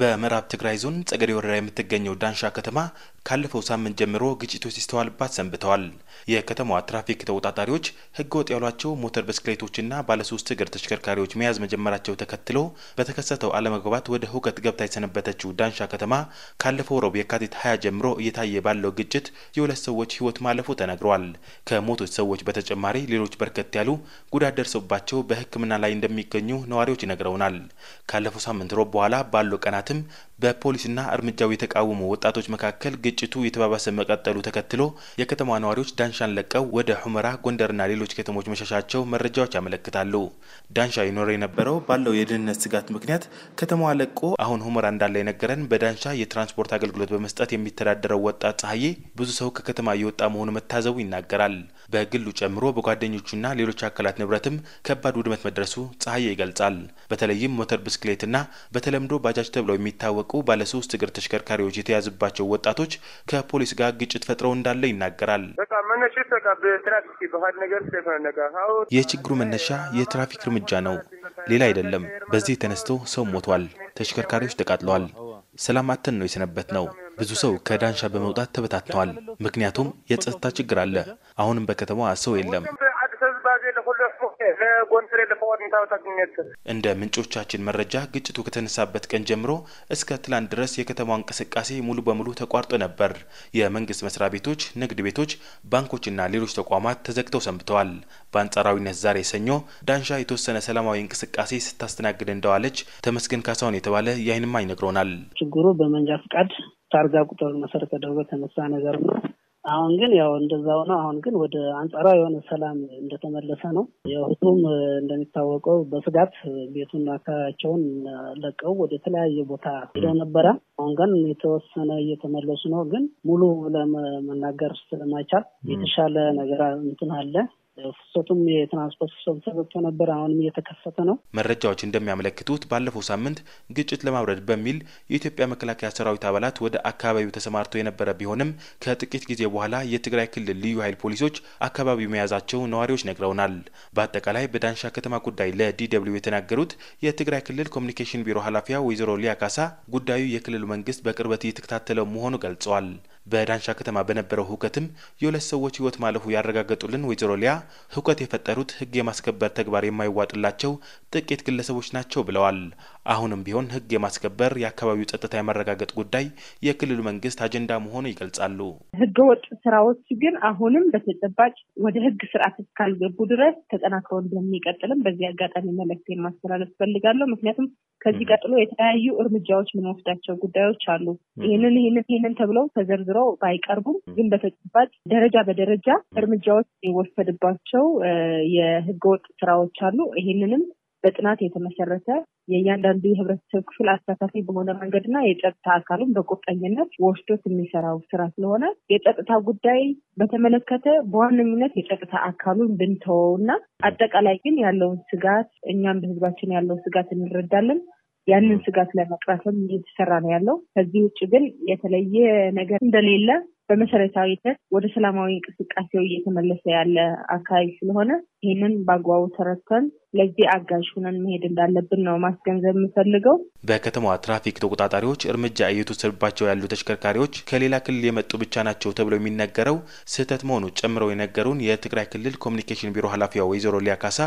በምዕራብ ትግራይ ዞን ጸገዴ ወረዳ የምትገኘው ዳንሻ ከተማ ካለፈው ሳምንት ጀምሮ ግጭቶች ሲስተዋልባት ሰንብተዋል። የከተማዋ ትራፊክ ተወጣጣሪዎች ህገወጥ ያሏቸው ሞተር ብስክሌቶችና ባለሶስት እግር ተሽከርካሪዎች መያዝ መጀመራቸው ተከትሎ በተከሰተው አለመግባባት ወደ ሁከት ገብታ የሰነበተችው ዳንሻ ከተማ ካለፈው ረቡዕ የካቲት ሀያ ጀምሮ እየታየ ባለው ግጭት የሁለት ሰዎች ህይወት ማለፉ ተነግሯል። ከሞቶች ሰዎች በተጨማሪ ሌሎች በርከት ያሉ ጉዳት ደርሶባቸው በህክምና ላይ እንደሚገኙ ነዋሪዎች ይነግረውናል። ካለፈው ሳምንት ሮብ በኋላ ባሉ ቀናትም በፖሊስና እርምጃው የተቃወሙ ወጣቶች መካከል ግጭቱ የተባባሰ መቀጠሉ ተከትሎ የከተማ ነዋሪዎች ዳንሻን ለቀው ወደ ሁመራ፣ ጎንደርና ሌሎች ከተሞች መሻሻቸው መረጃዎች ያመለክታሉ። ዳንሻ ይኖረ የነበረው ባለው የደህንነት ስጋት ምክንያት ከተማዋ ለቆ አሁን ሁመራ እንዳለ የነገረን በዳንሻ የትራንስፖርት አገልግሎት በመስጠት የሚተዳደረው ወጣት ፀሐዬ ብዙ ሰው ከከተማ እየወጣ መሆኑ መታዘቡ ይናገራል። በግሉ ጨምሮ በጓደኞቹና ሌሎች አካላት ንብረትም ከባድ ውድመት መድረሱ ፀሐዬ ይገልጻል። በተለይም ሞተር ብስክሌትና በተለምዶ ባጃጅ ተብለው የሚታወቁ ያልታወቁ ባለሶስት እግር ተሽከርካሪዎች የተያዙባቸው ወጣቶች ከፖሊስ ጋር ግጭት ፈጥረው እንዳለ ይናገራል። የችግሩ መነሻ የትራፊክ እርምጃ ነው፣ ሌላ አይደለም። በዚህ ተነስቶ ሰው ሞቷል፣ ተሽከርካሪዎች ተቃጥለዋል። ሰላም አተን ነው የሰነበት ነው። ብዙ ሰው ከዳንሻ በመውጣት ተበታትተዋል። ምክንያቱም የጸጥታ ችግር አለ። አሁንም በከተማዋ ሰው የለም። እንደ ምንጮቻችን መረጃ ግጭቱ ከተነሳበት ቀን ጀምሮ እስከ ትላንት ድረስ የከተማው እንቅስቃሴ ሙሉ በሙሉ ተቋርጦ ነበር። የመንግስት መስሪያ ቤቶች፣ ንግድ ቤቶች፣ ባንኮችና ሌሎች ተቋማት ተዘግተው ሰንብተዋል። በአንጻራዊነት ዛሬ ሰኞ ዳንሻ የተወሰነ ሰላማዊ እንቅስቃሴ ስታስተናግድ እንደዋለች ተመስገን ካሳሁን የተባለ የአይንማኝ ይነግረናል። ችግሩ በመንጃ ፍቃድ ታርጋ ቁጥር መሰረት ተደርጎ የተነሳ ነገር ነው። አሁን ግን ያው እንደዛው ነው። አሁን ግን ወደ አንጻራዊ የሆነ ሰላም እንደተመለሰ ነው። የሁቱም እንደሚታወቀው በስጋት ቤቱን አካባቢያቸውን ለቀው ወደ ተለያየ ቦታ ሄደው ነበረ። አሁን ግን የተወሰነ እየተመለሱ ነው። ግን ሙሉ ለመናገር ስለማይቻል የተሻለ ነገር እንትን አለ። ፍሰቱም የትራንስፖርት ፍሰቱ ተዘግቶ ነበር። አሁንም እየተከፈተ ነው። መረጃዎች እንደሚያመለክቱት ባለፈው ሳምንት ግጭት ለማውረድ በሚል የኢትዮጵያ መከላከያ ሰራዊት አባላት ወደ አካባቢው ተሰማርተው የነበረ ቢሆንም ከጥቂት ጊዜ በኋላ የትግራይ ክልል ልዩ ኃይል ፖሊሶች አካባቢው መያዛቸው ነዋሪዎች ነግረውናል። በአጠቃላይ በዳንሻ ከተማ ጉዳይ ለዲ የተናገሩት የትግራይ ክልል ኮሚኒኬሽን ቢሮ ኃላፊያ ወይዘሮ ሊያ ካሳ ጉዳዩ የክልሉ መንግስት በቅርበት እየተከታተለው መሆኑ ገልጸዋል። በዳንሻ ከተማ በነበረው ሁከትም የሁለት ሰዎች ህይወት ማለፉ ያረጋገጡልን ወይዘሮ ሊያ ሁከት የፈጠሩት ህግ የማስከበር ተግባር የማይዋጥላቸው ጥቂት ግለሰቦች ናቸው ብለዋል። አሁንም ቢሆን ህግ የማስከበር የአካባቢው ጸጥታ የማረጋገጥ ጉዳይ የክልሉ መንግስት አጀንዳ መሆኑ ይገልጻሉ። ወጥ ስራዎች ግን አሁንም በተጨባጭ ወደ ህግ ስርዓት እስካልገቡ ድረስ ተጠናክሮ እንደሚቀጥልም በዚህ አጋጣሚ መልእክቴን ማስተላለፍ ፈልጋለሁ። ምክንያቱም ከዚህ ቀጥሎ የተለያዩ እርምጃዎች የምንወስዳቸው ጉዳዮች አሉ። ይህንን ይህንን ይህንን ተብለው ተዘርዝረው ባይቀርቡም ግን በተጨባጭ ደረጃ በደረጃ እርምጃዎች የወሰድባቸው የህገወጥ ስራዎች አሉ። ይህንንም በጥናት የተመሰረተ የእያንዳንዱ የህብረተሰብ ክፍል አሳታፊ በሆነ መንገድና የጸጥታ አካሉን በቁርጠኝነት ወስዶት የሚሰራው ስራ ስለሆነ የጸጥታ ጉዳይ በተመለከተ በዋነኝነት የጸጥታ አካሉን ብንተወው ብንተወውና አጠቃላይ ግን ያለውን ስጋት እኛም በህዝባችን ያለው ስጋት እንረዳለን። ያንን ስጋት ለመቅረፍም እየተሰራ ነው ያለው። ከዚህ ውጭ ግን የተለየ ነገር እንደሌለ በመሰረታዊነት ወደ ሰላማዊ እንቅስቃሴው እየተመለሰ ያለ አካባቢ ስለሆነ ይህንን በአግባቡ ተረድተን ለዚህ አጋዥ ሁነን መሄድ እንዳለብን ነው ማስገንዘብ የምፈልገው። በከተማዋ ትራፊክ ተቆጣጣሪዎች እርምጃ እየተወሰደባቸው ያሉ ተሽከርካሪዎች ከሌላ ክልል የመጡ ብቻ ናቸው ተብለው የሚነገረው ስህተት መሆኑ ጨምረው የነገሩን የትግራይ ክልል ኮሚኒኬሽን ቢሮ ኃላፊዋ ወይዘሮ ሊያካሳ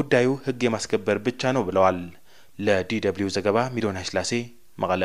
ጉዳዩ ህግ የማስከበር ብቻ ነው ብለዋል። ለዲ ደብልዩ ዘገባ ሚሊዮን ኃይለስላሴ መቀለ